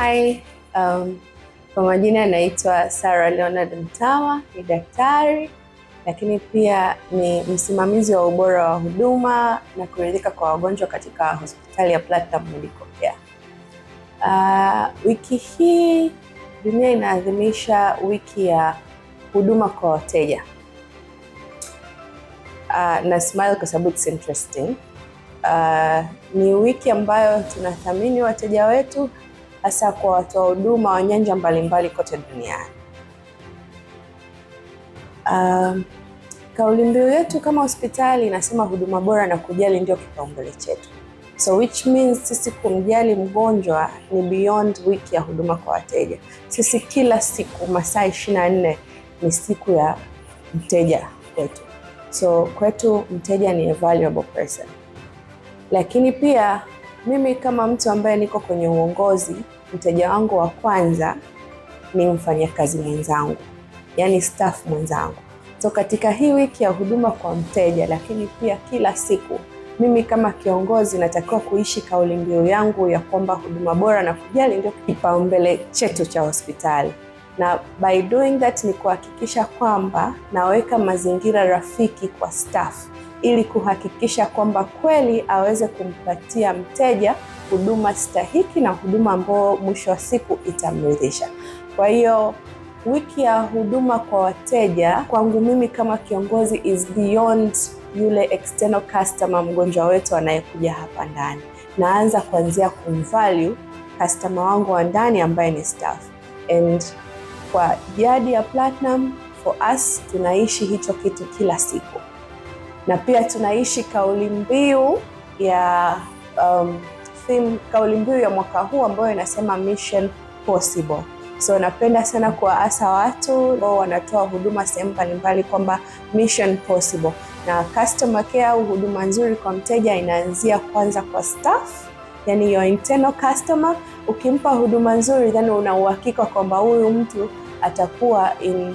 Hi, um, kwa majina anaitwa Sarah Leonard Mtawa, ni daktari lakini pia ni msimamizi wa ubora wa huduma na kuridhika kwa wagonjwa katika hospitali ya Platinum Medical Care. Uh, wiki hii dunia inaadhimisha wiki ya huduma kwa wateja. Uh, na smile kwa sababu it's interesting. Uh, ni wiki ambayo tunathamini wateja wetu hasa kwa watoa huduma wa nyanja mbalimbali kote duniani. Uh, kauli mbiu yetu kama hospitali inasema huduma bora na kujali ndio kipaumbele chetu. So which means sisi kumjali mgonjwa ni beyond wiki ya huduma kwa wateja. Sisi kila siku masaa 24 ni siku ya mteja kwetu. So kwetu mteja ni a valuable person. Lakini pia mimi kama mtu ambaye niko kwenye uongozi, mteja wangu wa kwanza ni mfanyakazi mwenzangu, yani staff mwenzangu. So katika hii wiki ya huduma kwa mteja, lakini pia kila siku, mimi kama kiongozi natakiwa kuishi kauli mbiu yangu ya kwamba huduma bora na kujali ndio kipaumbele chetu cha hospitali, na by doing that ni kuhakikisha kwamba naweka mazingira rafiki kwa staff ili kuhakikisha kwamba kweli aweze kumpatia mteja huduma stahiki na huduma ambayo mwisho wa siku itamridhisha. Kwa hiyo wiki ya huduma kwa wateja kwangu mimi kama kiongozi is beyond yule external customer, mgonjwa wetu anayekuja hapa ndani. Naanza kuanzia kumvalue customer wangu wa ndani ambaye ni staff. And kwa jadi ya Platinum for us tunaishi hicho kitu kila siku na pia tunaishi kauli mbiu ya um, theme, kauli mbiu ya mwaka huu ambayo inasema Mission Possible. So napenda sana kuwaasa watu ambao wanatoa huduma sehemu mbalimbali kwamba Mission Possible, na customer care au huduma nzuri kwa mteja inaanzia kwanza kwa staff Yani, your internal customer ukimpa huduma nzuri, then una uhakika kwamba huyu mtu atakuwa in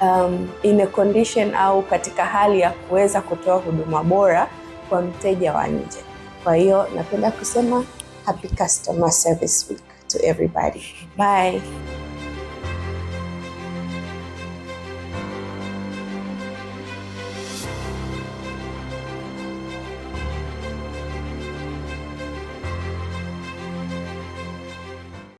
um, in a condition au katika hali ya kuweza kutoa huduma bora kwa mteja wa nje. Kwa hiyo napenda kusema happy customer service week to everybody. Bye.